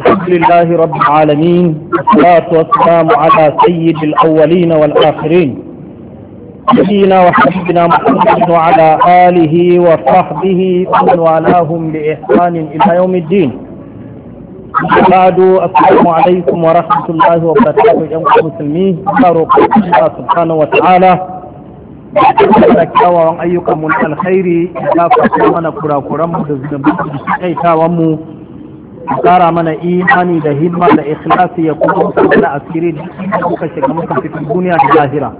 الحمد لله رب العالمين والصلاة والسلام على سيد الأولين والآخرين نبينا وحبيبنا محمد وعلى آله وصحبه ومن والاهم بإحسان إلى يوم الدين بعد السلام عليكم ورحمة الله وبركاته يا مسلمين بارك الله سبحانه وتعالى da kyawawan ayyukan mu na alkhairi ya fata mana kurakuran mu a mana imani da himma da ikhlasi ya kuma mana asiri da suka shiga muka cikin duniya da lahira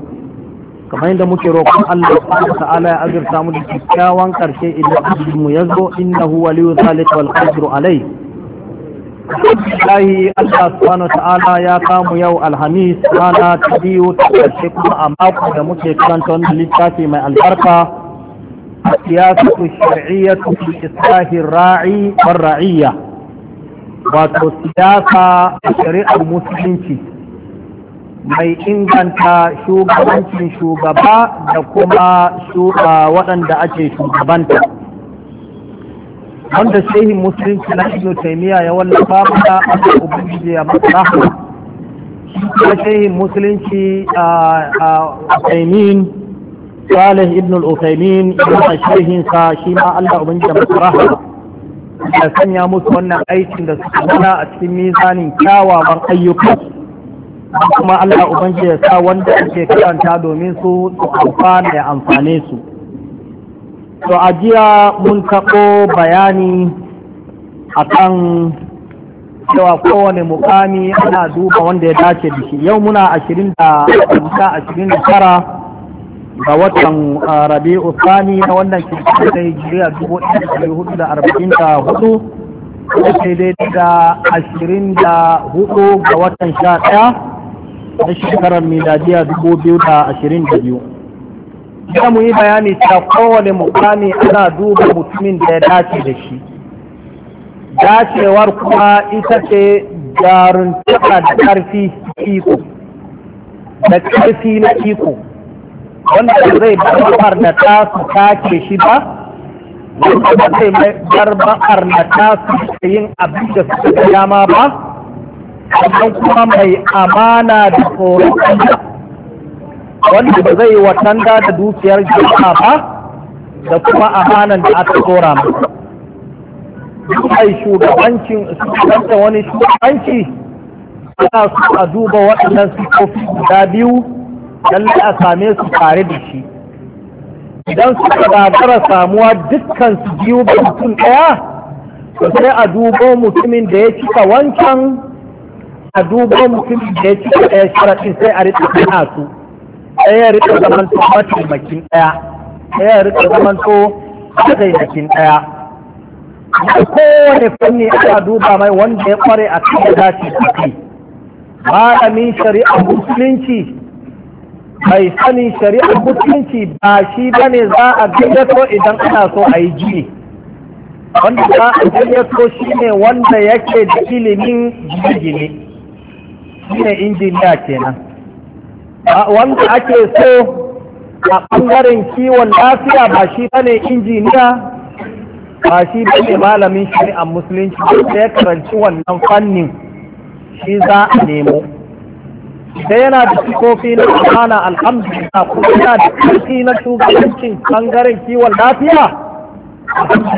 kamar yadda muke roƙon Allah subhanahu ta'ala ya azurta mu da kyakkyawan karshe idan abin mu yazo innahu waliyyu zalika wal qadiru alai Allahi Allah subhanahu ta'ala ya kamu yau alhamis rana ta biyu ta karshe kuma a mako da muke karanta wannan littafi mai albarka السياسة الشرعية في إصلاح الراعي والرعية wato siyasa a shari'ar musulunci mai inganta shugabancin shugaba da kuma shuka waɗanda ake shugabanta wanda shehin musulunci na ibn taimiyya ya wallafa mana aka ubangiji ya masa kuma shehin musulunci a taimin salih ibn al-usaimin yana shehinsa shi ma allah ubangiji ya masa da sanya musu wannan aikin da suka zana a cikin mizanin kyawawan ayyuka kuma Allah Ubangiji ya sa wanda ake karanta domin su su amfana ya amfane su to a jiya mun taɓo bayani a kan cewa kowane mukami ana duba wanda ya dace da shi yau muna ashirin da ashirin da tara ga watan rabi'u usani na wannan shekaru da hijiriya dubu ɗin da hudu da arba'in da hudu sai dai da ashirin da hudu ga watan sha ɗaya na shekarar miladiya dubu biyu da ashirin da biyu za mu yi bayani ta kowane mukami ana duba mutumin da ya dace da shi dacewar kuma ita ce jaruntaka da karfi iko da ƙarfi na iko wanda zai bar da ta su take shi ba wanda ba zai bar ba'ar da ta su yin abin da suka ga dama ba sannan kuma mai amana da tsoron wanda ba zai watanda da dukiyar jama'a ba da kuma amanan da aka tsora Duk mai shugabancin shugabancin wani shugabanci ana so a duba waɗannan sifofi guda biyu lalle a same su tare da shi idan suka gagara samuwa dukkan su biyu ga mutum ɗaya sai a dubo mutumin da ya cika wancan a dubo mutumin da ya cika ɗaya sharaɗin sai a rika kana su ɗaya ya rika zamanto mataimakin ɗaya ɗaya ya rika zamanto mataimakin ɗaya da kowane fanni ana duba mai wanda ya kware a kan da dace da kai malamin shari'a musulunci mai sani shari'ar mutunci ba shi ba ne za a gayyato idan ana so a yi ji wanda za a gayyato shi ne wanda yake da ilimin gine-gine shi ne injiniya kenan wanda ake so a ɓangaren kiwon lafiya ba shi ba ne injiniya ba shi ba ne malamin shari'ar musulunci da ya karanci wannan fannin shi za a nemo da yana da sikofi na amana alhamdulillah ko yana da sikofi na shugabancin bangaren kiwon lafiya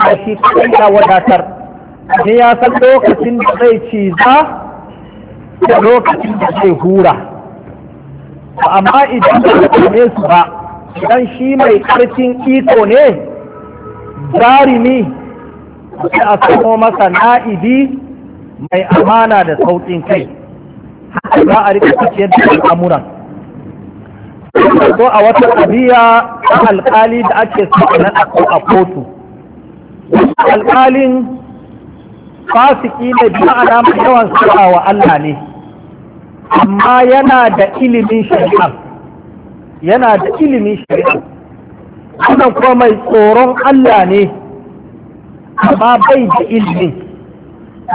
a shi kaɗai wadatar da ya san lokacin da zai ciza da lokacin da zai hura amma idan ba ne su ba idan shi mai karfin iko ne jarumi sai a samo masa na'ibi mai amana da sauƙin kai za a rika tafiyar da al'amuran ko a wata ƙabiya ta alƙali da ake so a kotu alƙalin fasiki ne bi alama yawan saba wa Allah ne amma yana da ilimin shari'a yana da ilimin shari'a wannan kuma mai tsoron Allah ne amma bai da ilimin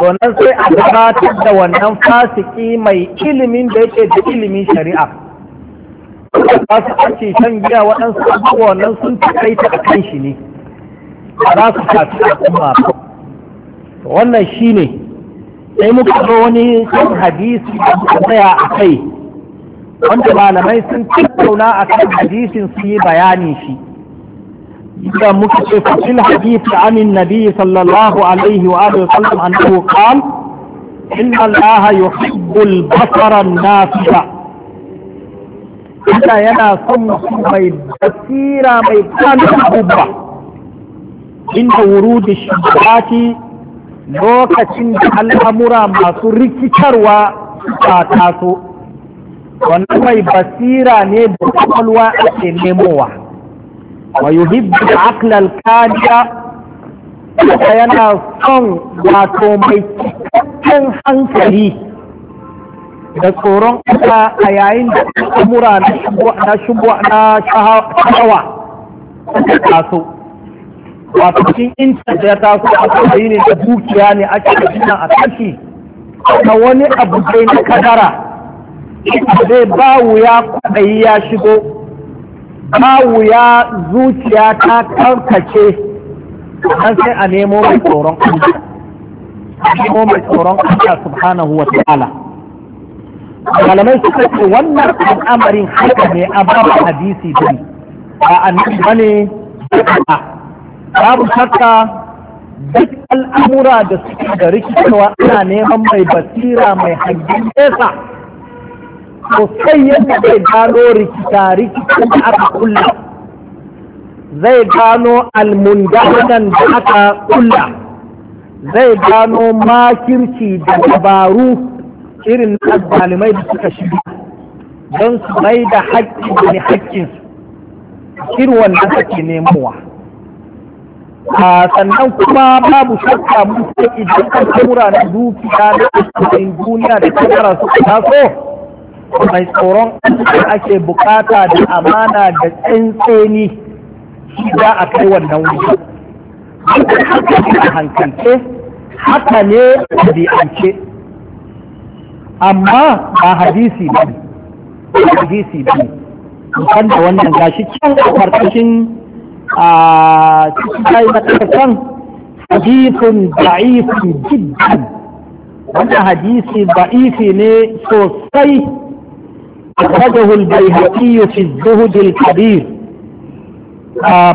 donan sai a gabatar da wannan fasiki mai ilimin da yake da ilimin shari'a ba su ake shan giya waɗansu abubuwa wannan sun takaita ta kan shi ne ba za su tafi al'umma ba wannan shi ne sai muka zo wani kan hadisi da muka tsaya a kai wanda malamai sun tattauna a kan hadisin su yi bayanin shi da muka ce fasil hadith an annabi sallallahu alaihi wa alihi wasallam annahu qal inna allaha yuhibbul basara Allah yana son mai basira mai kanin abubuwa inda wurudi shubhati lokacin da al'amura masu rikitarwa ta taso wannan mai basira ne da kwakwalwa ake nemowa wa yuhibbu Aklal kadiya yana son wato mai cikakken hankali da tsoron ƙasa a yayin da amura na shubuwa na shahawa ta taso wato cikin intan da ya taso a kawai ne da dukiya ne ake da a kashi na wani abu dai na kadara zai ba wuya kwaɗayi ya shigo kawu ya zuciya ta karkace an sai a nemo mai tsoron Allah nemo mai tsoron Allah subhanahu wa ta'ala malamai suka ce wannan al'amarin haka ne a babu hadisi din ba annabi bane babu shakka duk al'amura da suke da rikicewa ana neman mai basira mai hangen nesa sosai yadda zai gano rikita rikita da aka kulla zai gano almundanan da aka kula, zai gano makirci da dabaru irin na dalimai da suka shiga don su mai da haƙƙi da ne haƙƙinsu irin wannan ake nemowa a sannan kuma babu shakka mun sai idan kan tura na dukiya da duniya da kamara su taso mai tsoron ake bukata da amana da tsantseni shi za a kai wannan wuce. haka ne a hankalce haka ne a bi'ance amma ba hadisi ba hadisi ba kan da wannan gashi can a farkashin a cikin kai na karkashin hadithun da'ifun jiddan wannan hadisi ba'ifi ne sosai أخرجه البيهقي في الزهد الكبير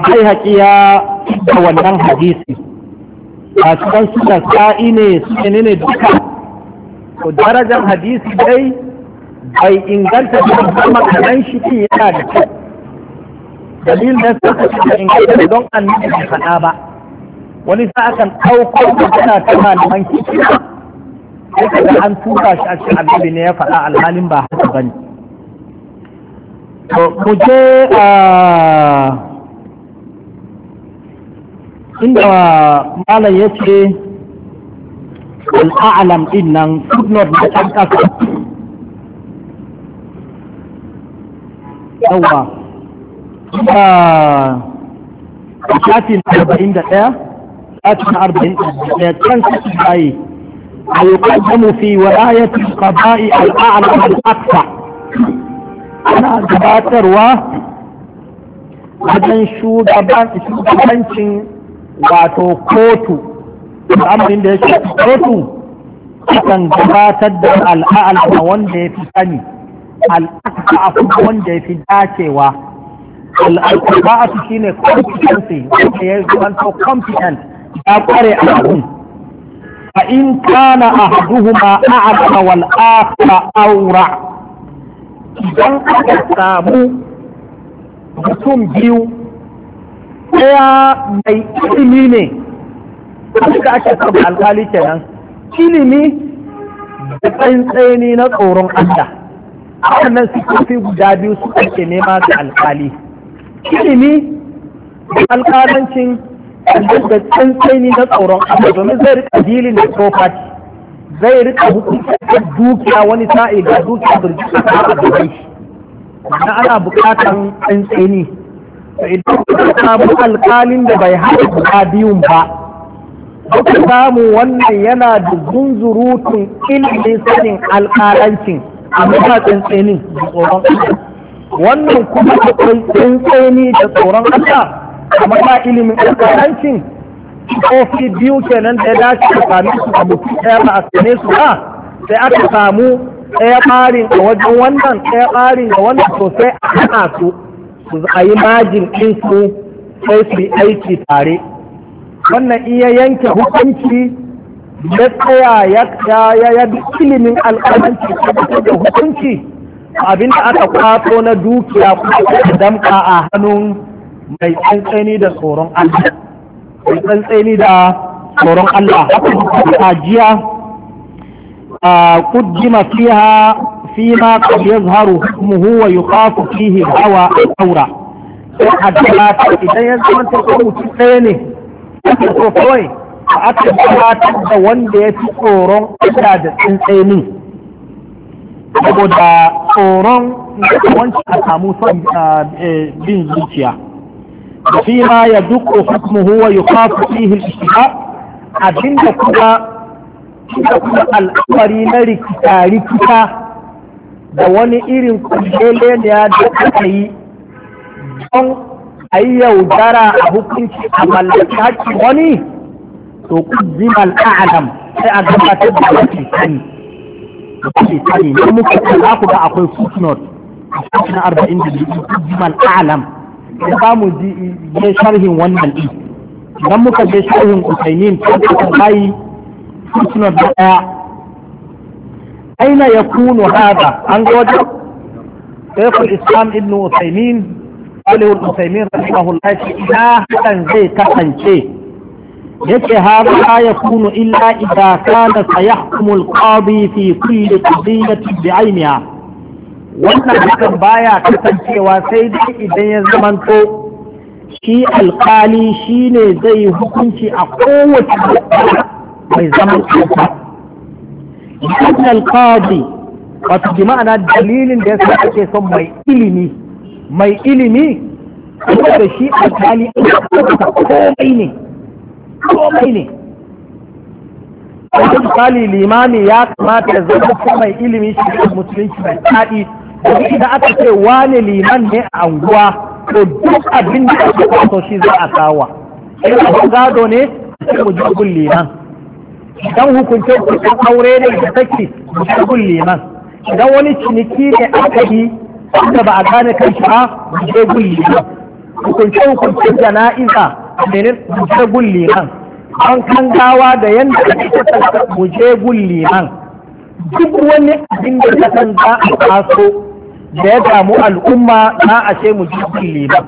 بيهقي يا wannan hadisi a cikin sa'i ne su ne duka ko darajar hadisi dai bai inganta da kuma kanan shi yana da kyau dalilin da suka cika inganta don annabi bai faɗa ba wani sa akan ɗauko da tana ta malaman kiki sai da an tuka shi a cikin annabi ne ya faɗa alhalin ba haka bane mu je a inda malam ya ce al'alam din nan footnote na ɗan ƙasa yawa inda shafin arba'in da ɗaya shafin arba'in da ɗaya can kashi bayi a yi ƙaddamu fi wa ayatul qada'i al'alam al'aqsa ana gabatarwa wajen shugabancin wato kotu al'amarin da ya shafi kotu akan gabatar da al'a'alfa wanda ya fi sani al'a'alfa wanda ya fi dacewa a shi ne competency wanda ya zanto competent ya kware a abin a in kana a haduhuma a'alfa wal'afa aura idan aka samu mutum biyu ɗaya mai ilimi ne da ake karɓar alkali kenan ilimi da tsaini na tsoron Allah wannan sifofi guda biyu su ake nema ga alkali ilimi da alkalancin da tsaini na tsoron Allah domin zai rika gilin da property zai rika hukuntar dukiya wani sa'i da dukiya birjika ta a da shi na ana bukatan tsantseni da idan kuka samu alkalin da bai haɗa guda biyun ba Duk samu wannan yana da zunzurutun ilimin sanin alkalancin a mata tsantsenin da tsoron wannan kuma akwai tsantseni da tsoron ƙasa a ba ilimin alkalancin kofi biyu kenan da ya dace a sami su a mutum ɗaya ba a same su ba sai aka samu ɗaya ɓarin a wajen wannan ɗaya ɓarin da wannan sosai a hana su su a yi majin ɗin su sai su yi aiki tare wannan iya yanke hukunci ya tsaya ya ya bi ilimin alƙalanci ta da hukunci abin da aka kwato na dukiya kuma da damka a hannun mai tsantsani da tsoron Allah mai tsantseni da tsoron Allah hajiya a kudji mafiya fi ma kabi ya zaharu muhu wa yi kwafi fihi hawa a saura sai ta idan ya zama ta kuma mutum ɗaya ne ta so kawai a aka da wanda ya fi tsoron Allah da tsantseni saboda tsoron da wancan a samu son eh, bin zuciya. فيما يدق حكمه ويخاف فيه الاشتباه abinda kuma da kuma al'amari na rikita-rikita da wani irin kullele ne ya da aka yi don a yi yaudara a hukunci a mallaki wani to kuzzima al'alam sai a gabatar da mafi sani mafi sani na muka ku ga akwai footnote a cikin arba'in da biyu kuzzima al'alam da za mu je sharhin wannan ɗin idan muka je sharhin usaimin ta bayi sunan da ɗaya aina ya kunu hada an ga wajen shekul islam ibn usaimin alihul usaimin rahimahullah shi ina hakan zai kasance yake hada ya kunu illa idan kana sayahkumu al-qadi fi kulli qadiyatin bi'ainiha wannan hakan baya kasancewa sai dai idan ya to shi alkali shi ne zai hukunci a kowace mai zaman kansa yan alkali wato bi ma'ana dalilin da ya sa ake son mai ilimi mai ilimi kuma da shi alkali komai ne komai ne Wani misali limami ya kamata ya zama mai ilimi shi musulunci mai daɗi da aka ce wani liman ne a anguwa ko duk abin da aka kwaso shi za a kawa in abu gado ne sai mu jibin liman idan hukunce kusan aure ne da take mu liman idan wani ciniki ne aka yi wanda ba a gane kan shi ba mu liman hukunce hukunce jana'iza menin mu liman an kan gawa da yanda ake kusa mu liman duk wani abin da ka san za a kwaso da ya damu al'umma na ashe mu ji ba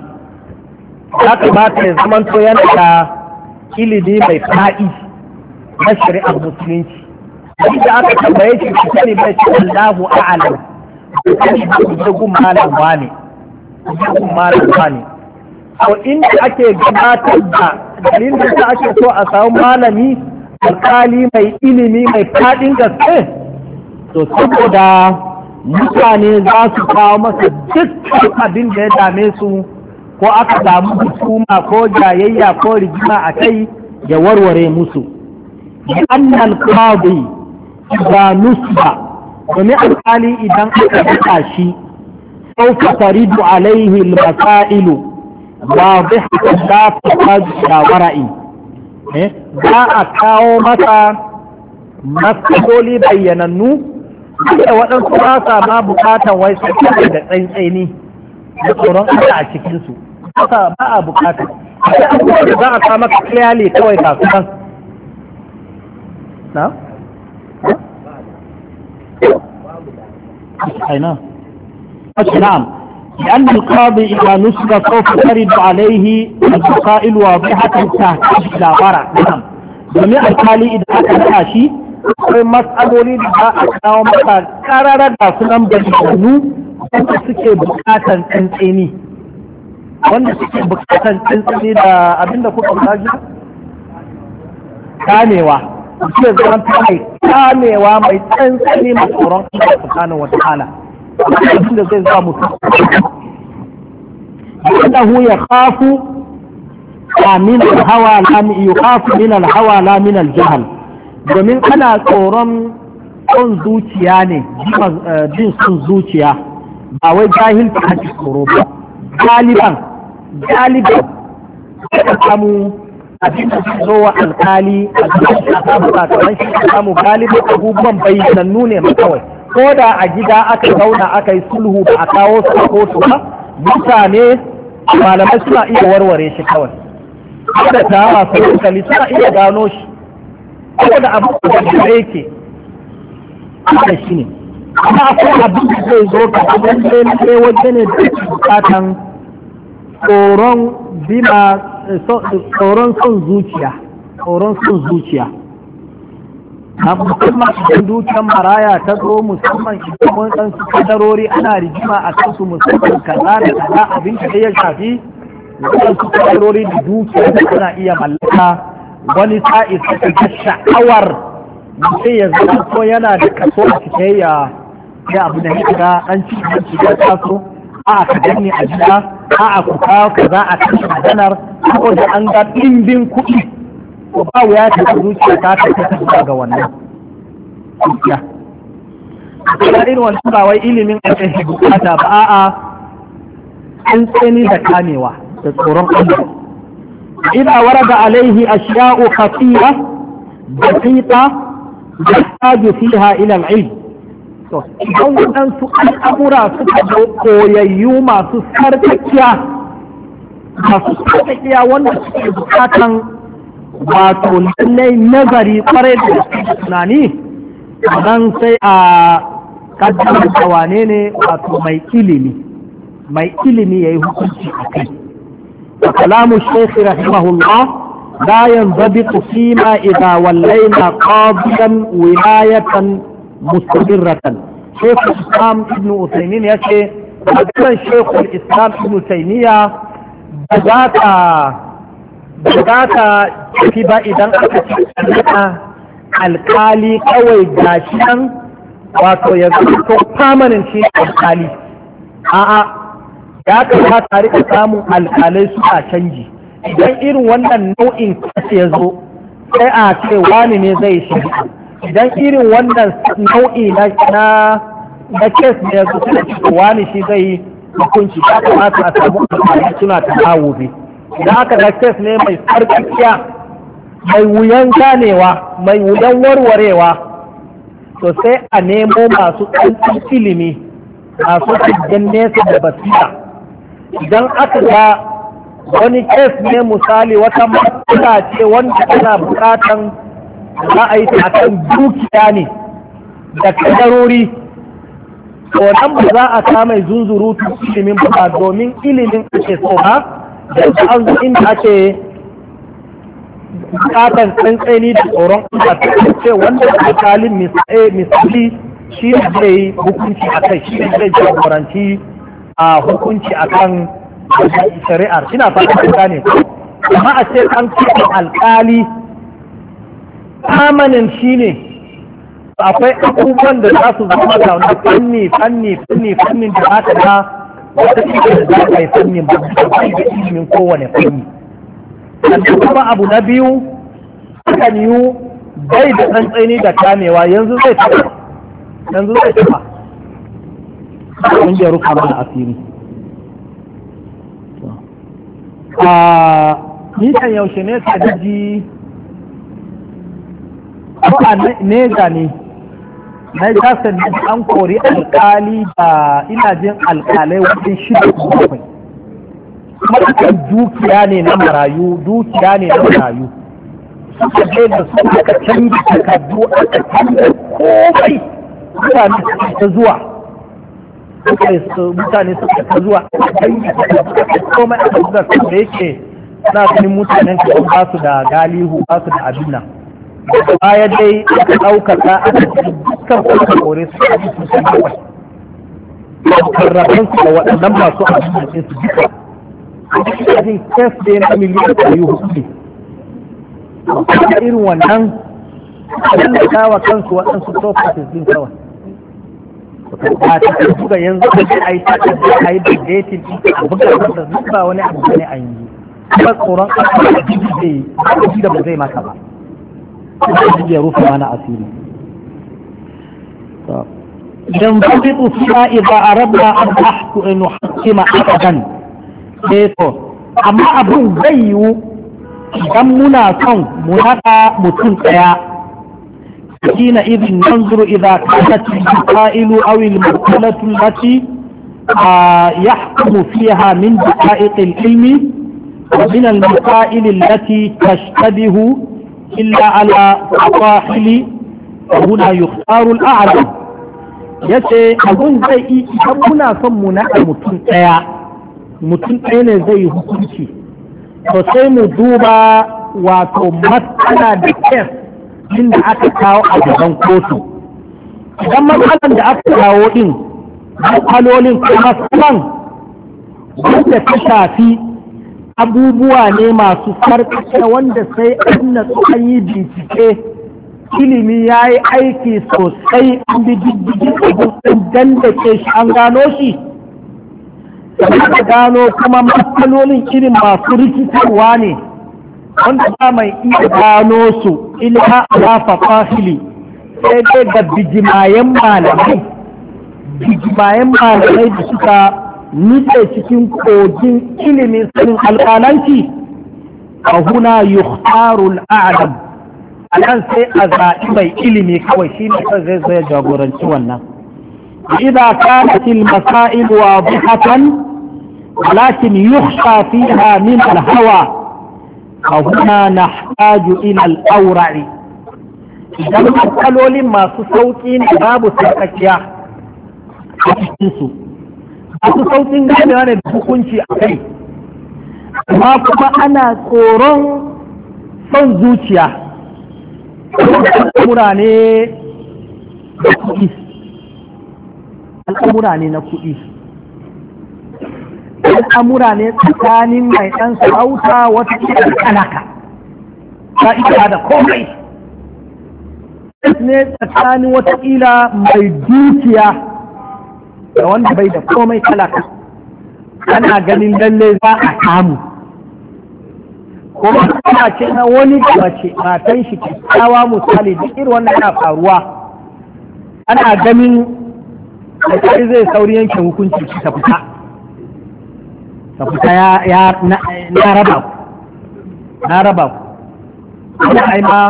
ya kamata ya to yana da ilimi mai fa'i na shari'ar musulunci da aka tambaye shi ku sani bai ce Allahu a'lam ku sani ba ku je gun malam wane ku je gun malam wane to inda ake gabatar da dalilin da ake so a samu malami alƙali mai ilimi mai faɗin gaske to saboda mutane za su kawo masa dukkan abin da ya dame su ko aka samu hukuma ko jayayya ko rigima a kai ya warware musu annan qadi ba nusba domin alkali idan aka buƙa shi sauka faridu alaihi al-masailu wadihatan la tafad ila wara'i eh, za a kawo masa koli bayyanannu da waɗansu ba sa ma bukatan wai su da tsaitsani da tsoron Allah a cikinsu ba a bukata sai abubuwa da za a sa maka clearly kawai kan. na? aina wasu na'am لأن القاضي إذا نسب سوف ترد عليه الدقائل واضحة تحتاج إلى ورع نعم جميع الحالي إذا أكل شيء akwai matsaloli da za a kawo maka karara da sunan bayyanu wanda suke bukatan tsantseni wanda suke bukatan tsantseni da abinda kuka kaji kamewa suke zaman ta mai kamewa mai tsantseni mai tsoron tsakanin wata wataala abinda zai zama mutum annahu yakhafu min al-hawa la min yakhafu hawa domin ana tsoron son zuciya ne jin eh, son zuciya ba wai jahil ta tsoro ba galiban galiban da samu abin da su zo wa alkali a cikin samu ba kamar shi ka samu galiban abubuwan bayyanannu ne ma kawai ko da a gida aka zauna aka yi sulhu ba a kawo su a kotu ba mutane malamai suna iya warware shi kawai da ta masu kalli suna iya gano shi saboda abu da yake da shi ne amma akwai abin da zai zo ka abin da waje ne da bukatan tsoron bima tsoron son zuciya tsoron son zuciya na musamman idan dukiyar maraya ta zo musamman idan wani ɗan su kadarori ana rigima a su musamman kaza da kaza abin da ya shafi waɗansu kadarori da dukiya da suna iya mallaka wani sa'i suka ga sha'awar mutum ya zama ko yana da kaso a cikin ya abu da ya an ci an su ya taso a ka danne a gida a aka kawo ka za a kashe maganar saboda an ga ɗimbin kuɗi ko ba wuya ta zuciya ta ta ta ga wannan A kuma irin wani ba wai ilimin ake bukata ba a'a an tsani da kamewa da tsoron Allah إذا ورد عليه أشياء خطيرة بسيطة يحتاج فيها إلى العلم idan waɗansu al'amura suka zo koyayyu masu sarkakiya masu sarkakiya wanda suke bukatan wato lallai nazari kwarai da tunani nan sai a kaddamar da wane ne wato mai ilimi mai ilimi ya yi hukunci a kai وكلام الشيخ رحمه الله لا ينضبط فيما إذا ولينا قاضيا ولاية مستمرة شيخ الإسلام ابن أثيمين يشي وكان شيخ الإسلام ابن تيمية بداتا بداتا كتب إذا أكتب alkali kawai gashi nan wato ya zama permanent shi alkali a'a ya kamata a rika samun alƙalai suna canji idan irin wannan nau'in kashe ya zo sai a ce wani ne zai shari'a idan irin wannan nau'i na kes ne ya zo sai ce wani shi zai hukunci ya kamata a samu alƙalai suna ta hawube idan aka ga kes ne mai farkakiya mai wuyan ganewa mai wuyan warwarewa to sai a nemo masu ɗan ilimi masu cikin nesa da basira idan aka ga wani kes ne misali wata matsala ce wanda ana bukatan za a yi ta akan dukiya ne da kadarori to nan ba za a kama zunzurutu ilimin ba domin ilimin ake so ba da an zo inda ake bukatan tsantsani da tsoron ta ce wanda kalin misali shi ne zai hukunci a kai shi ne zai jagoranci a hukunci akan shari'ar ina fata ka ne amma a ce an ce alkali amanin ne akwai abubuwan da za su zama da wani fanni fanni fanni fannin da za ta da wata cikin da aka yi fannin ba da da ilimin kowane fanni sannan kuma abu na biyu hakan yiwu bai da tsantsani da kamewa yanzu zai taɓa yanzu zai taɓa don ya rufa mana asiri a nisan yaushe ne ka daji ko a ne na yi da an kori alkali da ina jin alkalai wajen shida bakwai matakan dukiya ne na marayu dukiya ne na marayu suka je da su aka canza takardu aka canza komai mutane ta zuwa mutane suka ta zuwa komai a da da yake na ganin mutanen ka ba su da galihu ba su da abin nan baya dai aka ɗaukar da aka ci dukkan kuma kore su a cikin sun kawai karrafen su da waɗannan masu abin da su jika a cikin kes da yana miliyan da yi hudu irin wannan sun da kawa kansu waɗansu properties sun kawai ba ta buga yanzu a ce a yi taɗa da a yi da datin a buga da zuba wani abu ne a yi ba tsoron ƙasa da jiki zai yi da ba zai maka ba kuma ya rufe mana asiri idan buɗe tsufiya idan a rabba a ku inu ma aka gan eh to amma abin zai yiwu idan muna son mu haka mutum ɗaya حينئذ ننظر إذا كانت الدقائل أو المسألة التي يحكم فيها من دقائق العلم ومن المسائل التي تشتبه إلا على الصاحل وهنا يختار الأعلم yace abun zai yi idan muna son mu naɗa mutum ɗaya mutum ɗaya ne zai hukunci to sai mu duba wato matsala da kes abin da aka kawo a gaban kotu idan matsalan da aka kawo din matsalolin kuma sunan wanda ta shafi abubuwa ne masu farkace wanda sai an natsu an yi bincike ilimi ya yi aiki sosai an bi diddigin abin dandake shi an gano shi da gano kuma matsalolin irin masu rikitarwa ne wanda ba mai iya gano su ila ala fafahili sai dai ga bijimayen malamai bijimayen malamai da suka nutse cikin kogin ilimin sanin alƙalanci a huna yuhtarul a'lam a nan sai a zaɓi mai ilimi kawai shi ne kan zai zai jagoranci wannan idan kanat al-masail wadihatan walakin yukhsha fiha min al-hawa fahuna na haju ilal al'aurari, idan matsalolin masu sauƙi ne babu sarkakiya a cikinsu masu sauƙin ganewa ne da hukunci a kai amma kuma ana tsoron son zuciya al'amura ne na kuɗi al'amura ne na kuɗi al'amura ne tsakanin mai ɗan sarauta wata da talaka ta ita da komai ne tsakanin wata ila mai dukiya da wanda bai da komai alaka ana ganin lalle za a samu kuma ana ce na wani mace matan shi tsawa misali da irin wannan yana faruwa ana ganin da zai sauri yanke hukunci ta fita ka fita ya na raba ku na raba ku wani ai ma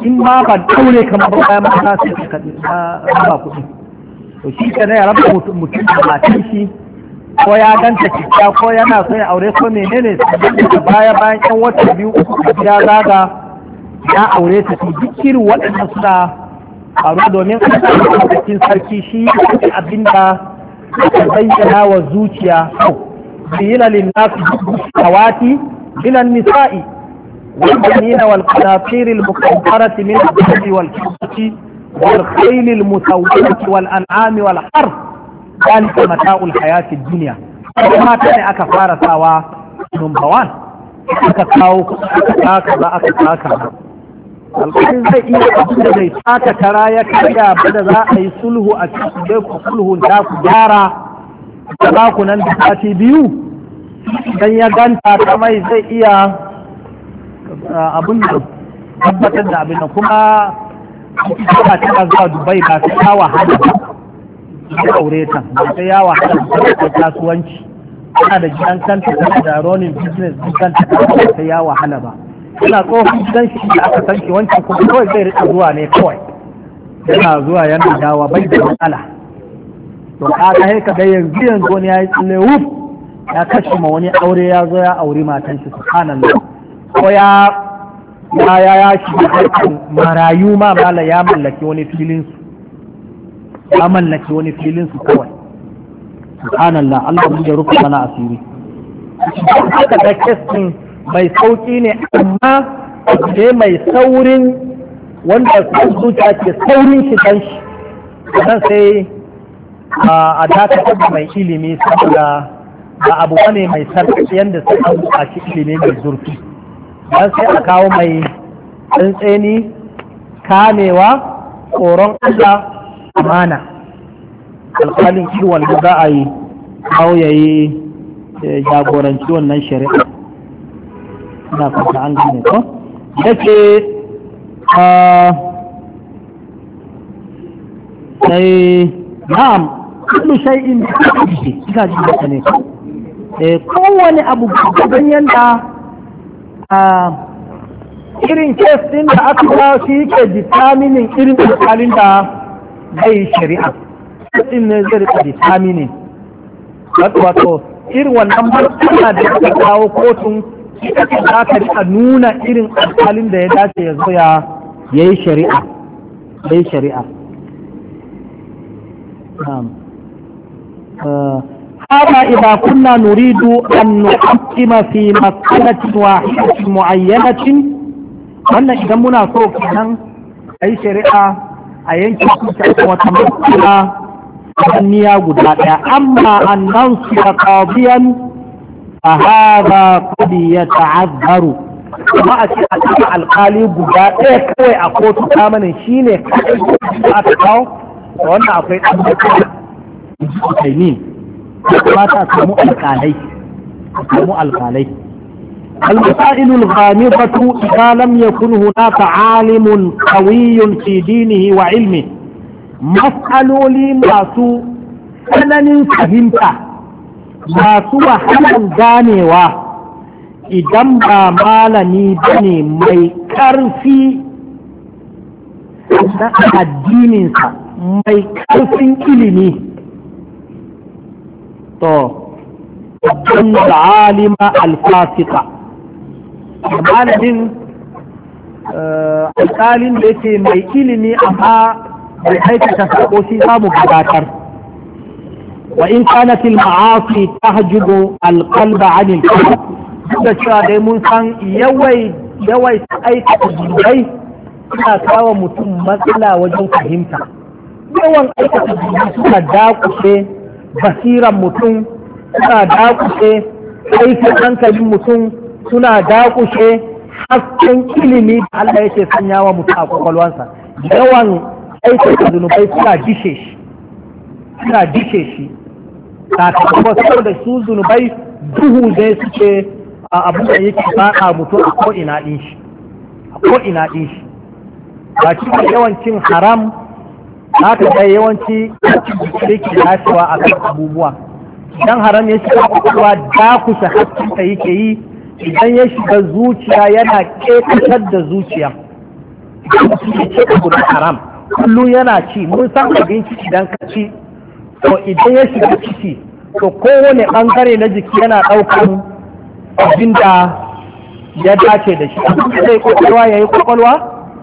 in ma ba daure kamar ba ya mata sai ka raba kuɗi to shi ke na ya raba mutum da matan shi ko ya ganta cikya ko yana so ya aure ko menene su baya bayan yan wata biyu uku ya zaga ya aure ta to duk waɗannan suna faruwa domin a cikin sarki shi abin da aka bayyana wa zuciya bayyana linnasu kawati minan nisa'i والبنين والقناطير المقنطرة من الذهب والفضة والخيل المسومة والأنعام والحرث ذلك متاع الحياة الدنيا kuma ta ne aka fara sawa number one aka kawo aka kaka ba aka alƙalin zai iya abin da zai taka kara ya karya ba da za a yi sulhu a cikin dai ku sulhun ta ku gyara da za ku nan da sati biyu dan ya ganta ta mai zai iya abin da tabbatar da abin da kuma ba ta zuwa dubai ba ta ya wahala ba ta aure ta ba ta yawa wahala ba ta kasuwanci ana da gidan kanta da ronin business ba kanta ta yawa wahala ba yana tsohon dan shi da aka san shi wancan kuma kawai zai rika zuwa ne kawai yana zuwa yana dawa bai da matsala to ka haika dai yanzu yanzu wani ya yi tsalle wuf ya kashe ma wani aure ya zo ya auri matan shi subhanallah ko ya ya ya ya shi marayu ma mala ya mallaki wani filin su ya mallaki wani filin su kawai subhanallah Allah ya rufe mana asiri haka da kesin mai sauki ne amma sai mai saurin wanda zuciya ke saurin shigan shi sannan sai a dakatar da mai ilimi saboda ba abu ne mai sarki yadda sai an shi ilimi mai zurfi don sai a kawo mai tsantseni kamewa tsoron allah amana alƙalin kiwon da za a yi kawo ya eh, jagoranci wannan shari'a ina kwanta an gane ko yake a ah, sai na'am kullu shay'in bi kika ji da ne eh kowane abu gaban yanda a ah, irin kes din da aka ba shi ke determining irin alƙalin da zai shari'a din ne zai rika determining wato irin wannan matsala da ta kawo kotun ita ce za ka rika nuna irin alkalin da ya dace ya zo ya yi shari'a. Ya yi shari'a. Eh, Haka iba kuna nuridu an nufi mafi makarantar wa haifin mu'ayyanacin, wannan idan muna so kanan a yi shari'a a yanki su ta ake wata mafi kuma. Wani guda ɗaya, amma an nan su ya فهذا قد يتعذر kuma a ce a cikin alkali guda ɗaya kawai a kotu kamanin shi ne aka kawo da wannan akwai ɗan da kai ne kuma ta samu alkalai samu alkalai المسائل الغامضة إذا لم يكن هناك عالم قوي في دينه وعلمه مسألة لي ما سوء فلن فهمته masu wahalan ganewa idan ba malami ba ne mai ƙarfi na addininsa mai ƙarfin ilimi to don alima alfasika malamin eh, alƙalin da yake mai ilimi amma bai aikata sako shi za mu gabatar وإن كانت المعاصي تحجب القلب عن القلب da cewa dai mun san yawai yawai ta aikata zunubai suna kawo mutum matsala wajen fahimta yawan aikata zunubai suna dakushe basiran mutum suna dakushe aikin hankalin mutum suna daƙushe hasken ilimi da Allah yake sanya wa mutum a kwakwalwansa yawan aikata zunubai suna dishe suna dishe shi sakamakon da su zunubai duhu ne suke a abin da yake saka mutum a ko'ina ɗin shi a ko'ina ɗin shi ba cikin yawancin haram za ka ga yawanci da ke lashewa a kan abubuwa idan haram ya shiga kwakwalwa dakusa hakkinta yake yi idan ya shiga zuciya yana ƙetatar da zuciya idan mutum ya ce haram kullum yana ci mun san abinci idan ka ci to idan ya shiga ciki to kowane bangare na jiki yana ɗaukar abin da ya dace da shi abin da zai kwakwalwa ya yi kwakwalwa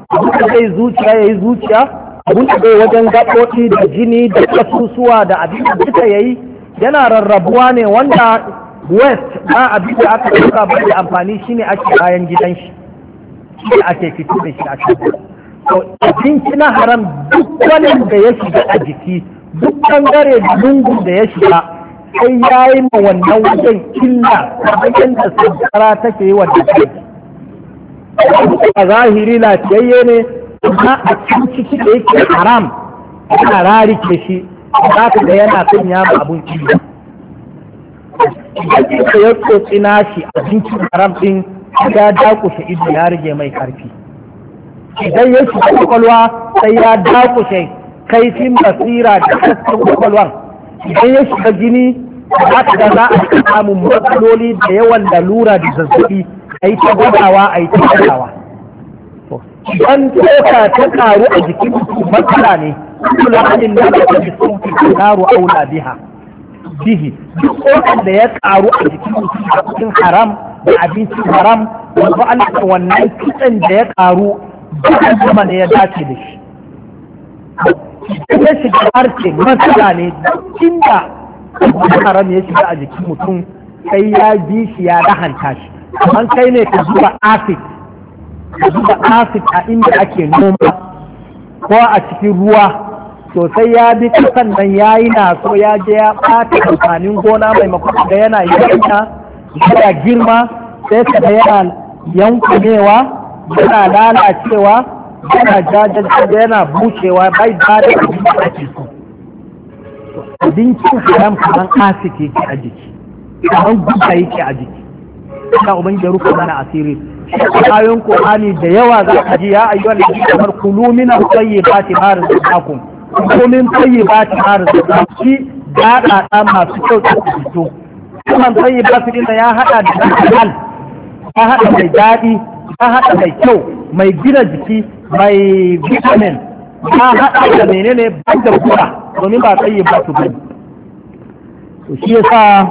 abin da zai zuciya ya yi zuciya abin da zai wajen gaɓoɓi da jini da kasusuwa da abin da duka ya yi yana rarrabuwa ne wanda west ba abin da aka ɗauka ba da amfani shi ne ake bayan gidan shi shi ake fito da shi a cikin abinci na haram duk wani da ya shiga a jiki duk ɓangare da da ya shiga sai ya yi ma wannan wajen illa bayan da sankara take yi wa dukkan a zahiri lafiyayye ne amma a cikin ciki da yake haram yana rarike shi za ka ga yana kan yama abun kiwo idan ka ya tsotsi nashi abincin haram ɗin ya dakushe ido ya rage mai karfi idan ya shiga kwakwalwa sai ya dakushe kaifin basira da hasken kwakwalwar idan ya shiga jini haka da za a samun matsaloli da yawan lalura da zazzabi a yi ta gwadawa a yi ta gudawa. idan tsoka ta karu a jikin matsala ne kula halin da ta fi sauki ta karu wula biha bihi duk tsokan da ya karu a jikin mutum haram da abincin haram yanzu Allah wannan kitsen da ya karu duk da ne ya dace da shi ya shiga harshe matsala ne inda haram ya shiga a jikin mutum sai ya bi shi ya lahanta shi an kai ne ka zuba acid ka zuba acid a inda ake noma ko a cikin ruwa sosai ya bi kasan nan ya yi na so ya je ya ɓata amfanin gona maimakon da yana yanka yana girma sai ka yana yankunewa yana lalacewa yana jajajen da yana bucewa bai ba da abinci a abincin haram kaman asik yake a jiki kaman guba yake a jiki ina da rufe mana asiri ayoyin qur'ani da yawa za ka ji ya ayyuhal ladina kamar kulu min at-tayyibati ma razaqakum kulu min at-tayyibati ma razaqakum shi da da masu kyau da fito kuma tayyibati din ya hada da halal ya hada mai dadi ya hada mai kyau mai gina jiki mai vitamin ba haɗa da menene ban da kura domin ba tsayi ba su gani to shi yasa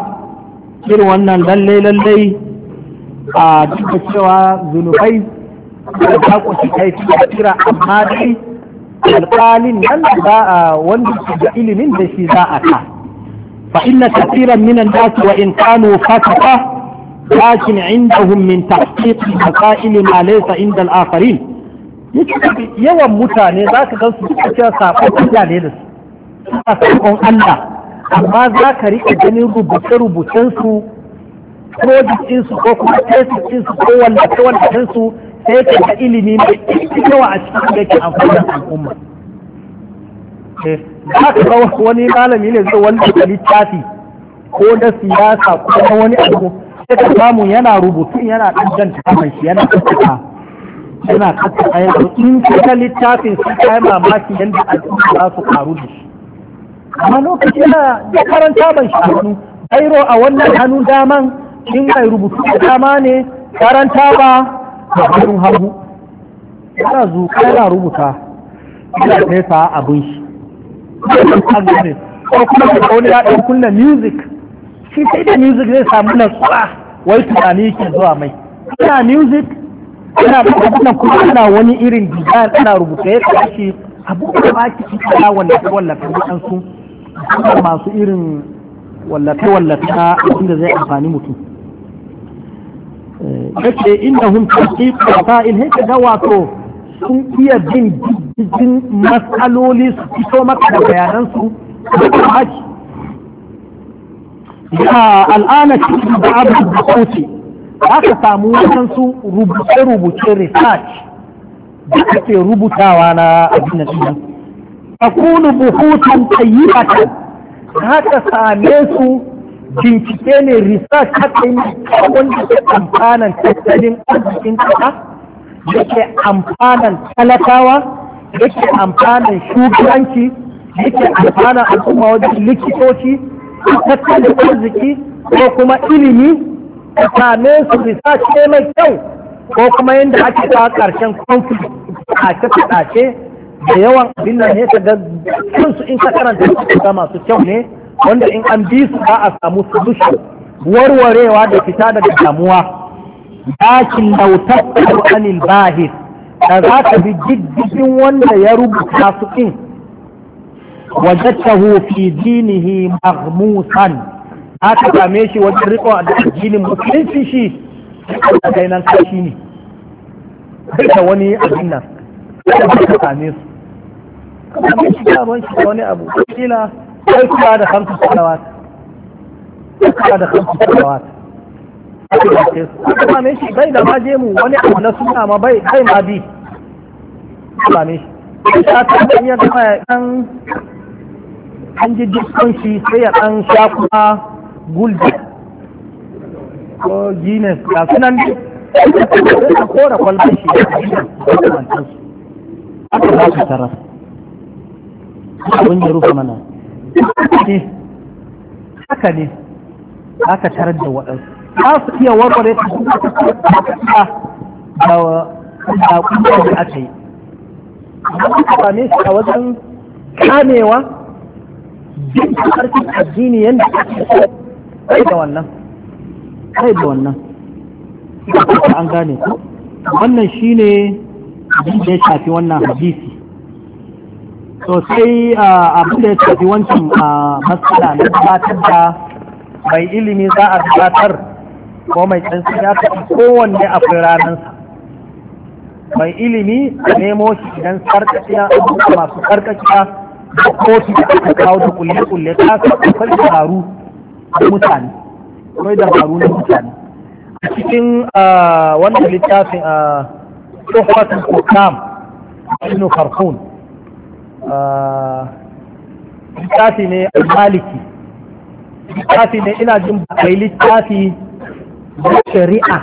irin wannan lalle lallai a duka cewa zunubai da ta kusa kai su kira amma dai alƙalin nan za a wanda su da ilimin da shi za a ta fa inna kafiran minan nasu wa in kanu fasaka lakin indahum min tahqiq masail ma laysa inda al yake yawan mutane za ka gan su duka cewa saƙo Allah ne da su a sakon Allah amma za ka riƙa ganin rubuce-rubucen su project su ko kuma thesis su ko wallace wallacen su sai ka ga ilimi mai yawa a cikin da ke amfani da al'umma eh, za ka ga wani malami ne zai wani wallace littafi ko na siyasa ko na wani abu sai ka samu yana rubutu yana ɗan jan kamar shi yana ɗan yana kasa ayyukan in kuka littafin sun kai mamaki yadda al'umma za su karu da shi amma lokaci na da karanta ban shi hannu airo a wannan hannun daman in mai rubutu da dama ne karanta ba da hannun hagu yana zuƙa yana rubuta yana nesa abin shi ko kuma da wani ya ɗan kunna music shi sai da music zai samu natsuwa wai tunani yake zuwa mai ina music ana wannan kuma ana wani irin design ana rubuta ya tashi abubuwan ba ki kira wallafe wallafe waɗansu masu irin wallafe wallafe na inda zai amfani mutum eh, yace innahum tasdiqu in haka ga wato sun iya bin diddigin matsaloli su fito maka da bayanansu da haki ya al'ana cikin da abu da za ka samu wasansu rubuce-rubuce research da ake rubutawa na abin da akunu buhutan tayyibatan za ka same su bincike ne research aka yi wanda ke amfanan tattalin arzikin kasa yake amfanan talakawa ke amfanan shugabanci ke amfanan al'umma wajen likitoci tattalin arziki ko kuma ilimi ka same su risace mai kyau ko kuma yadda ake kawo ƙarshen conflict a kaɗace da yawan abin nan ne ga su in ka karanta su ga masu kyau ne wanda in an bi su ba a samu solution warwarewa da fita daga damuwa lakin lautar anil bahis da za ka bi diddigin wanda ya rubuta su in wajen fi dinihi magmusan aka same shi wajen a da addinin musulunci shi a kai nan kashi ne duka wani abin nan da ka same su ka same shi ka wani wani abu kila sai kula da kamsu salawat kula da kamsu salawat ka same shi bai da maje mu wani abu na suna ma bai bai ma bi ka same shi ta ta iya gama ya kan an ji shi sai ya dan sha kuma guld ko gine ga sunan da kora kwalbar shi aka ba ka a abin ya rufe mana ne eh, haka ne ka tarar da waɗansu za su iya warware ta da da kuma da aka yi amma ne su a wajen kamewa duk karfin addini yadda ake kai da wannan kai da wannan an gane ku wannan shine abin da ya shafi wannan hadisi Sosai sai abin da ya shafi wancan matsala na gabatar da mai ilimi za a gabatar ko mai tsansu ya tafi kowanne akwai ranansa mai ilimi a nemo shi idan sarkaciya abubuwa masu sarkaciya da kotu da aka kawo da kulle-kulle ta sa akwai taru mutane akwai dabaru na mutane a cikin wannan littafin a tsohon kokam ibn farhun littafi ne maliki littafi ne ina jin bai littafi na shari'a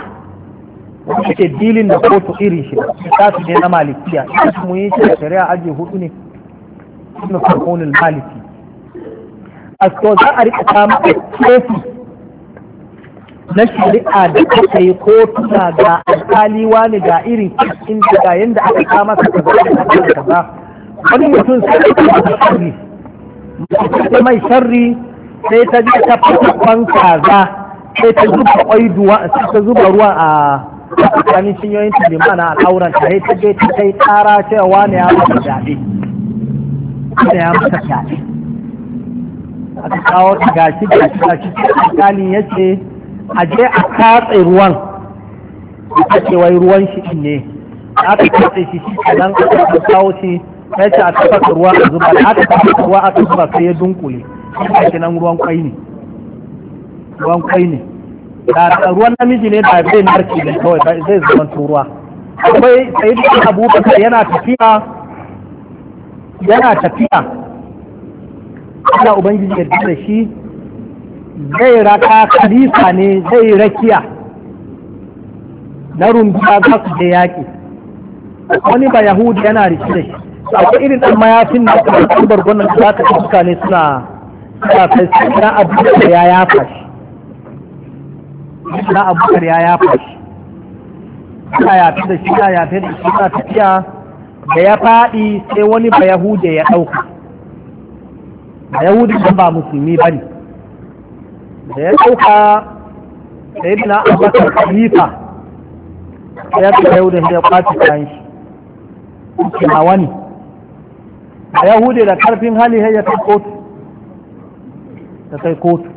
wanda dilin da kotu irin shi littafi ne na malikiya ina mu yi shari'a aji hudu ne ibn farhun maliki a so za a rika samu a kofi na shari'a da aka yi kotuna ga alkali wani ga irin cikin da ga yadda aka kama su ka zaɓa da aka kaza wani mutum sai kuma ta sharri mutum mai sharri sai ta ji ta fata kwan kaza sai ta zuba kwai duwa sai ta zuba ruwa a tsakanin cinyoyin ta na al'auran ta sai ta je ta kai ƙara, cewa wani ya mata fyaɗe. Wani ya mata fyaɗe. aka kawo ta gashi gashi gashi alƙali ya ce a je a katse ruwan a ce wai ruwan shi ne aka katse shi shi kenan aka kawo shi ya ce a tafa ruwa a zuba da aka tafa ruwa a zuba sai ya dunkule shi kenan ruwan kwai ne ruwan kwai ne da ruwan namiji ne da zai narke ne kawai zai zama turuwa akwai sai da abubakar yana tafiya yana tafiya Allah Ubangiji ya da shi zai raka kalifa ne zai rakiya na rumbiya za su je yaƙi wani ba yahudi yana rike da shi akwai irin ɗan mayafin da kuma tubar gwanan za ta kuka ne suna suna kai na abubakar ya ya fashi na abubakar ya yafa shi suna yafe da shi suna yafe da shi suna tafiya da ya faɗi sai wani ba yahudi ya ɗauka a yahudi nan ba musulmi ba ne da ya ɗauka da yi na abakar khalifa ya da da ya kwace kayan shi kuma wani a yahudi da karfin hali ya kai kotu ta kai kotu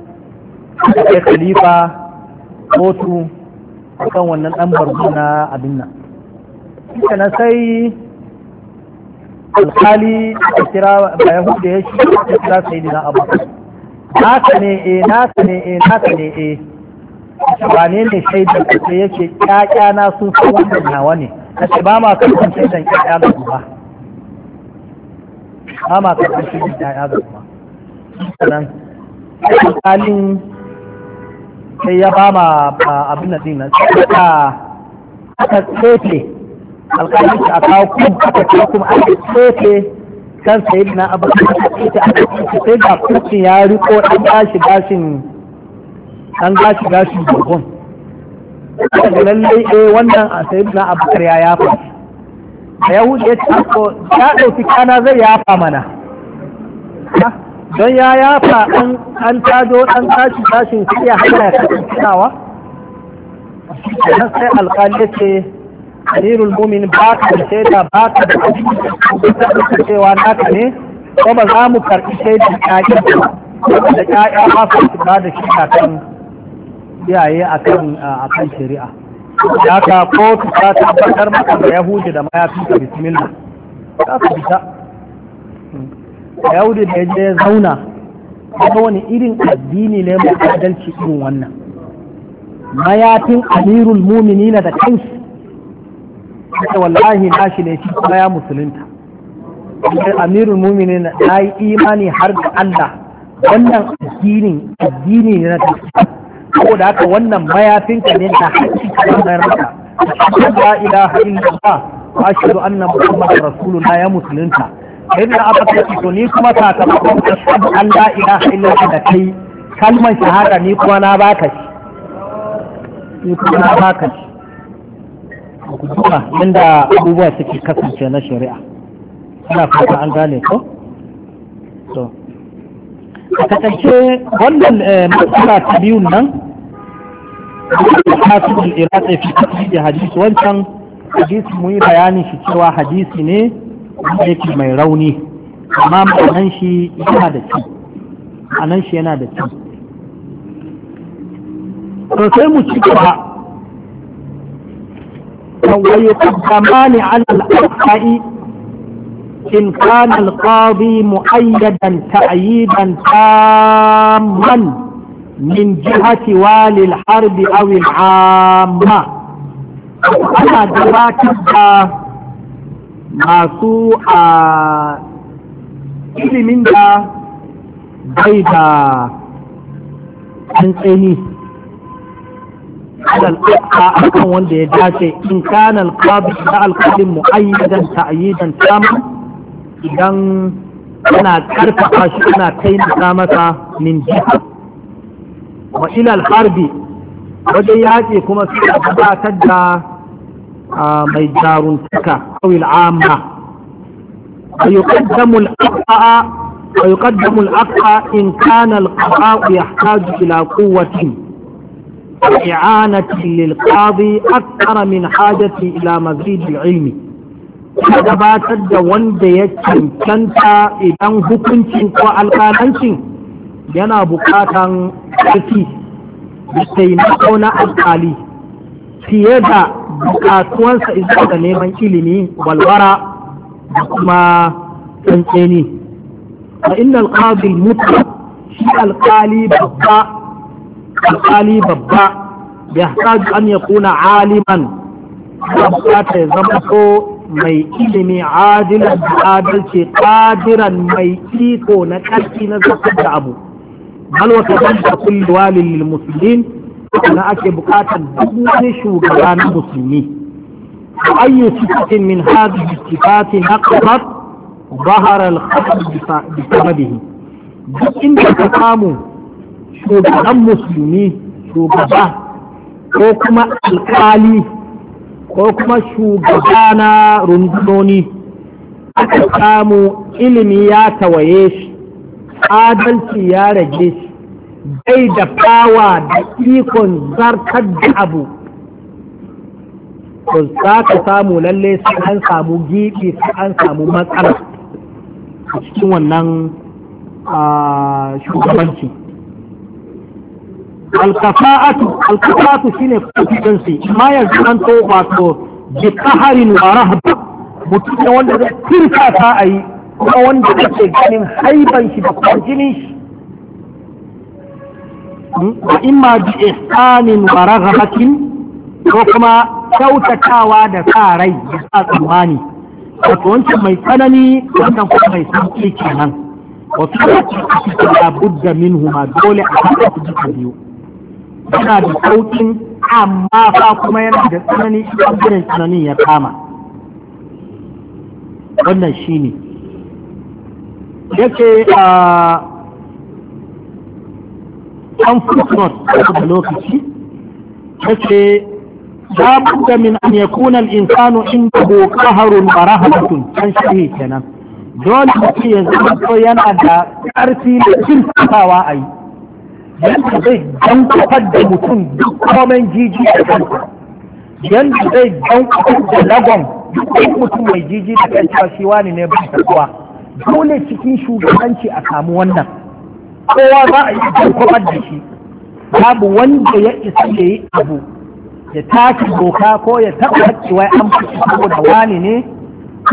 ta kai khalifa kotu a akan wannan ɗan barbuna na abin nan sai alkali a kira bayan hudu ya shi a kira sai dina abu naka ne eh naka ne eh naka ne e wane ne da sai yake kyakya na su su wannan nawa ne ce ba ma karɓar shaidan kyakya ga kuma ba ma karɓar shaidan kyakya ga kuma sannan alkalin sai ya ba ma abin nan din nan sai ta tsefe alƙalinsu a kawo kuma aka kawo kuma yi tsoke kan sayi na abu aka tsoke aka su sai da kurcin ya riko ɗan gashi gashin ɗan gashi gashin gurgun daga lallai eh wannan a sayi na abu ya yafa da ya wuce ah, ta ko ya ɗauki kana zai yafa mana don ya yafa an tado ɗan gashi gashin sai ya hana ya kasance nawa sai alƙali ya ce amirul mumin ba ka da shaida ba ka da ajiyar cewa naka ne ko ba za mu karɓi shaidar ƴaƴa da ƴaƴa ba su ba da shi shaida kan iyaye akan akan shari'a haka kotu ta tabbatar maka da yahudi da mayafi da bismillah za su fita yahudi da ya je zauna kuma wani irin addini ne mai adalci irin wannan mayafin amirul mumini da kansu da wallahi nashi ne shi kuma ya musulunta amirul muminin na yi imani har da Allah wannan addinin addini ne na gaskiya saboda haka wannan mayafinka ne da hakki ka bayar maka la ilaha illallah wa ashhadu anna muhammadar rasulullah ya musulunta idan aka kace to ni kuma sakamakon ashhadu an la ilaha illallah da kai kalmar shahada ni kuma na baka shi ni kuma na baka shi ku inda abubuwa suke kasance na shari'a ana fata an gane ko to a kasance wannan eh, matsala ta biyun nan hasu da iraki fi yi da hadisi wancan hadisi mu yi bayanin shi cewa hadisi ne wanda yake mai rauni amma ma'anan shi yana da ci ma'anan shi yana da ci to sai mu ci gaba ويقدمان على الأرجح إن كان القاضي مؤيدا تأييدا تاما من جهة والي الحرب أو العامة أنا دراك masu a ilimin da bai da an tsani alal a akan wanda ya dace in kana alqabi da alqadim mu'ayyadan ta'yidan tam idan ana karfafa shi ana taimaka masa min jiha wa ila alharbi wajen yaƙi kuma su gabatar da mai jaruntaka kawil amma ويقدم الأقطع in الأقطع إن كان القضاء يحتاج إلى قوة وإعانة للقاضي أكثر من حاجة إلى مزيد العلم gabatar da wanda ya cancanta idan hukuncin ko alƙalancin yana buƙatan ƙarfi da taimako na alƙali fiye da buƙatuwansa izuwa da neman ilimi walwara da kuma tsantseni a inna alƙadil mutu shi alƙali babba alƙali babba ya haɗu an ya kuna aliman ya bukata ya zama ko mai ilimi adilan da adalci ƙadiran mai iko na ƙarfi na zafin da abu bal wata banta kulli walin lil musulmin, na ake bukatar duk wani shugaba na musulmi أي صفة من هذه الصفات نقصت ظهر الخطأ بسببه إن تقاموا shugaban musulmi shugaba ko kuma alkali ko kuma shugaba na rundunoni aka samu ilimi ya tawaye shi adalci ya rage shi bai da fawa da ikon zartar da abu to za ka samu lalle sai an samu gidi sai an samu matsala a cikin wannan ah, shugabanci alkafa'atu alkafa'atu shine competency ma ya zanto wato bi qaharin wa rahba mutum wanda zai kirka ta ayi kuma wanda ake ganin haiban shi da kwarjinin shi hmm? wa imma bi ihsanin wa raghabatin ko kuma kyautatawa da sa rai da sa tsammani wato wancan mai tsanani wannan kuma mai sauki kenan wasu da buddha min huma dole a haɗa su biyu yana da sauƙin amma fa kuma yana da tsanani ɓangaren tsananin ya kama wannan shi ne yake a an footnote da lokaci yake an ya kuna أن inda الإنسان harun قهر ورهبة can shi kenan. Dole mutum ya zama yana da ƙarfi da cin a yi yadda zai don kafar da mutum duk komen jiji da kanta yadda zai don kafar da lagon duk mutum mai jiji da kanta shi wani ne ba kowa dole cikin shugabanci a samu wannan kowa za a yi don kafar da shi babu wanda ya isa ya yi abu ya tashi doka ko ya taɓa hakki wai an fi saboda wani ne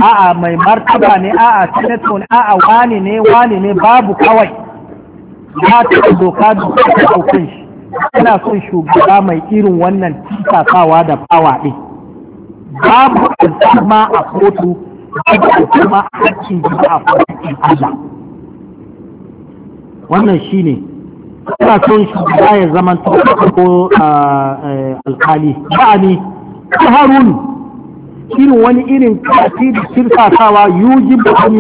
a'a mai martaba ne a'a senator a'a wani ne wani ne babu kawai ya ta doka da hukun shi ina son shugaba mai irin wannan tikasawa da fawa ɗin babu ma a kotu babu kuma a hakkin jama'a a hakkin Allah wannan shi ne ina son shugaba ya zama ko alkali ba'ani harun irin wani irin kafi da shirkatawa yujibu an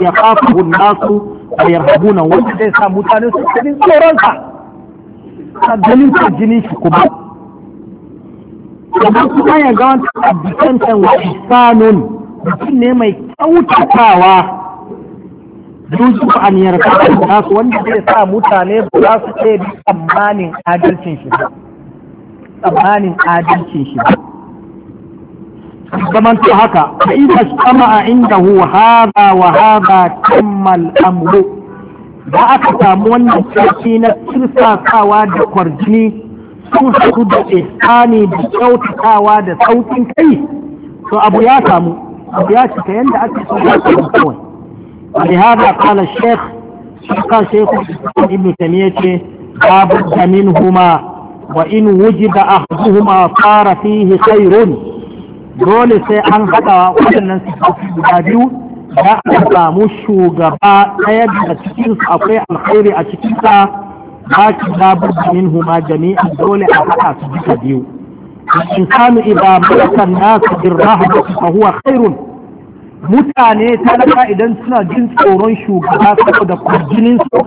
ya kafa hunnasu a yarhabuna wanda zai sa mutane su cikin tsoronsa a ganin ta jini shi kuma kamar kuma ya ga bikin abdikantan wasu sanon mutum ne mai kyautatawa yusufu an yarda da su wanda zai sa mutane ba za su ce tsammanin tsammanin adalcin shi ba zamanto haka fa a inda indahu haza wa haza tamma amru da aka samu wannan sarki na tirsasawa da kwarjini sun haɗu da ihsani da kyautatawa da saukin kai to abu ya samu abu ya cika yadda ake so ya samu kawai ce قال الشيخ huma wa in تيمية لابد منهما وإن وجد أحدهما صار فيه خير dole sai an haɗa waɗannan sifofi guda biyu za a samu shugaba ɗaya daga cikinsu akwai alkhairi a cikin sa. ba ki da min huma jami'a dole a haɗa su duka biyu in insanu idza malaka nasu birrahmati fa huwa khairun mutane talaka idan suna jin tsoron shugaba saboda kurjinin su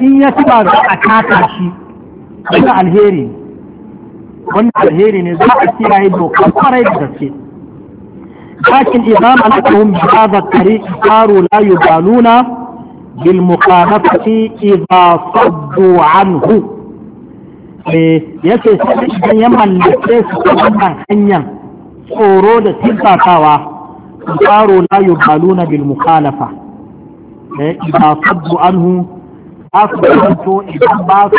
in ya tuba za a taka shi daga alheri wani alheri ne za a kiyaye doka kwarai da gaske lakin idan an tahum bi hadha tariq qaru la yubaluna bil muqanafati idha saddu anhu eh yace sai idan ya mallake su ta wannan hanyar tsoro da tilbatawa qaru la yubaluna bil mukhalafa eh idha saddu anhu asu idan ba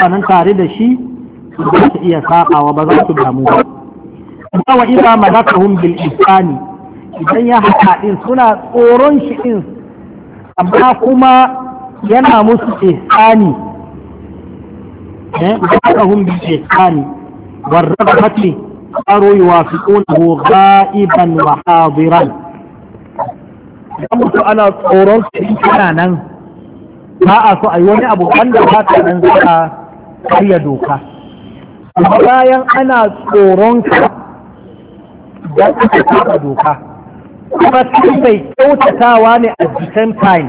sa nan tare da shi ba su iya saƙawa ba za su damu ba amma wa iza malakahum bil ihsani idan ya haɗa din suna tsoron shi din amma kuma yana musu ihsani eh malakahum bil ihsani warrabati qaru yuwafiqunahu ghaiban wa hadiran idan mutu ana tsoron shi kana nan ba a so a yi wani abu wanda ba ta nan za a karya doka bayan ana tsoron ka da aka kafa doka kuma cikin mai kyautatawa ne a the same time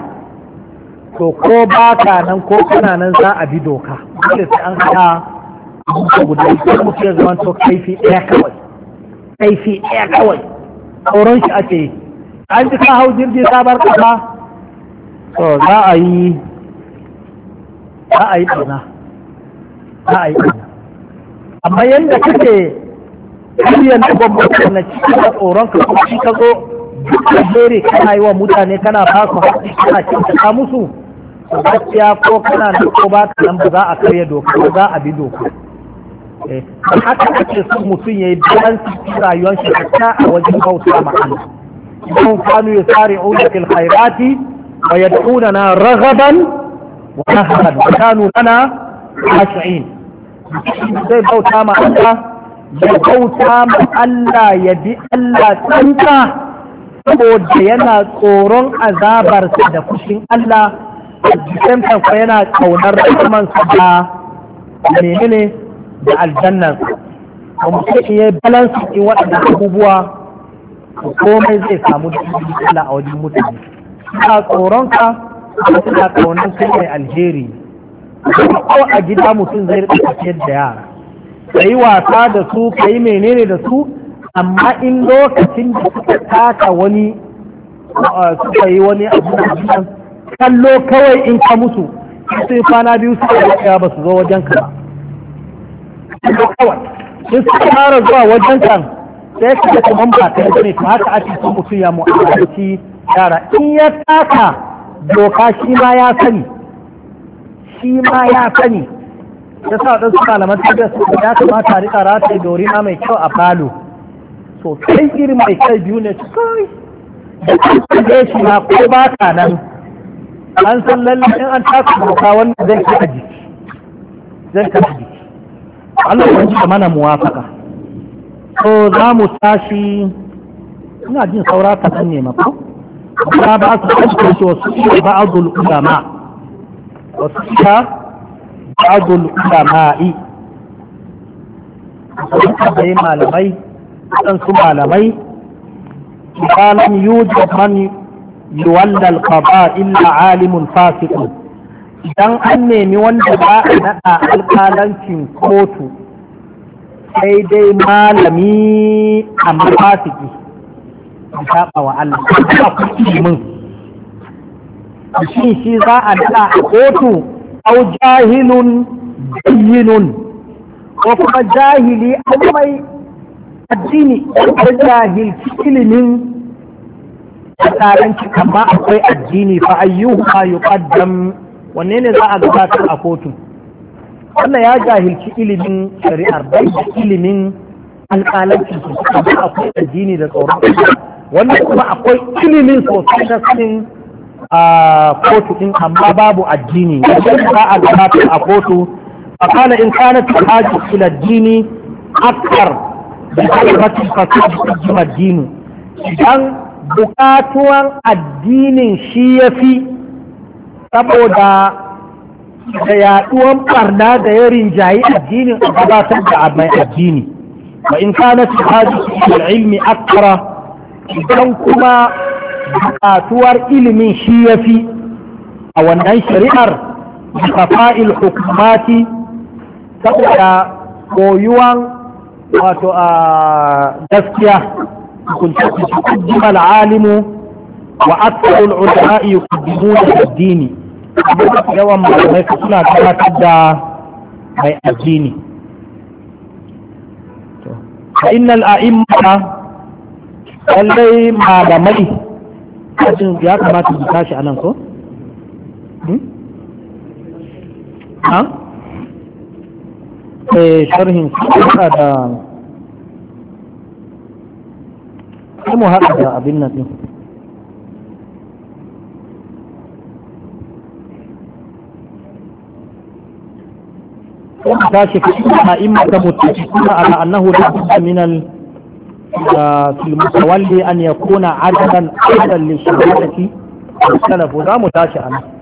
to ko ba ka nan ko kana nan za a bi doka dole sai an ka abubuwa guda ko mutum ya zama to kaifi ɗaya kawai kaifi ɗaya kawai tsoron shi ake yi an ji ka hau jirgin sabar kafa to za a yi za a yi ɗana za a yi ɗana amma yadda kake karyan da gwamnati na cikin da tsoron ka ko shi ka zo duk jere kana yi wa mutane kana ba su haƙi kana cikin ka musu gaskiya ko kana nan ko ba ka nan ba za a karya doka ko za a bi doka a eh, haka kake son mutum ya yi cikin rayuwar shi ta a wajen bauta ma Allah idan kanu yasari'una fil khairati wa na raghaban wa nahran kanu lana khashi'in zai bauta ma Allah ya bauta ma Allah ya bi Allah tsanta saboda yana tsoron azabarsa da kushin Allah a jikin kanfa yana kaunar rahamansa da menene da aljannan ba mutum ya yi balansu in waɗanda abubuwa komai zai samu da Allah a wajen mutane ina tsoronka ina kaunar kai mai alheri ko a gida mutum zai rika tafiyar da yara ka yi wasa da su ka yi menene da su amma in lokacin da suka taka wani suka yi wani abu da abinan kallo kawai in ka musu sai kwana biyu suka yi ba su zo wajen ka ba kawai sun suka fara zuwa wajen kan sai ka ta mamba ta yi ne haka ake son mutum ya mu'amalci yara in ya taka doka shi ma ya sani shi ma ya sani ya sa ɗan su malaman su ya kamata a riƙa rataye dorina mai kyau a falo so kai irin mai kyau biyu ne kai da an kaje shi ma ko ba ka nan an san lallai in an taka wannan zai ka jiki zai ka jiki Allah ya ji mana muwafaka so za mu tashi ina jin saura san ne mako ba ba su kasance wasu ba'adul ulama وفيها بعض العلماء وفيها malamai waɗansu malamai إذا لم يوجد من يولى القضاء idan an nemi wanda ba a naɗa alkalancin kotu sai dai malami a mafasiki a taɓa wa Allah a kuɗi shi shi za a dana a kotu au jahilun bayyinun ko kuma jahili a mai addini ko jahilci ilimin tsaranci amma akwai addini fa ayyuhu ma yuqaddam wanne ne za a gabatar a kotu wannan ya jahilci ilimin shari'ar bai da ilimin alƙalanci su akwai addini da tsoron wannan kuma akwai ilimin sosai na sanin a kotu din amma babu addini yadda ba a gabatar a kotu kana in kana ta haji ila addini akar da kalmatin fasad da addini idan bukatuwan addinin shi ya fi saboda da yaduwan barna da ya rinjayi addinin a gabatar da mai addini wa in kana ta haji ila ilmi akara idan kuma buƙatuwar ilimin shi ya fi a wannan shari'ar da kafa'il hukumati saboda koyuwan wato a gaskiya hukunta kuddima al'alimu wa aksaru al'ulama'i yuqaddimuna ad-dini yawan malamai suna gabatar da mai addini fa innal a'immata lallai malamai kajin ya kamata su tashi a nan ko? Hmm? ha? eh sharhin suka da sai mu haɗa da abin nan ɗin tashi ka ima ta mutu kuma ala annahu da kuma minal في المتولي أن يكون عددا أيضا للشهادة السلف وذا متاشئا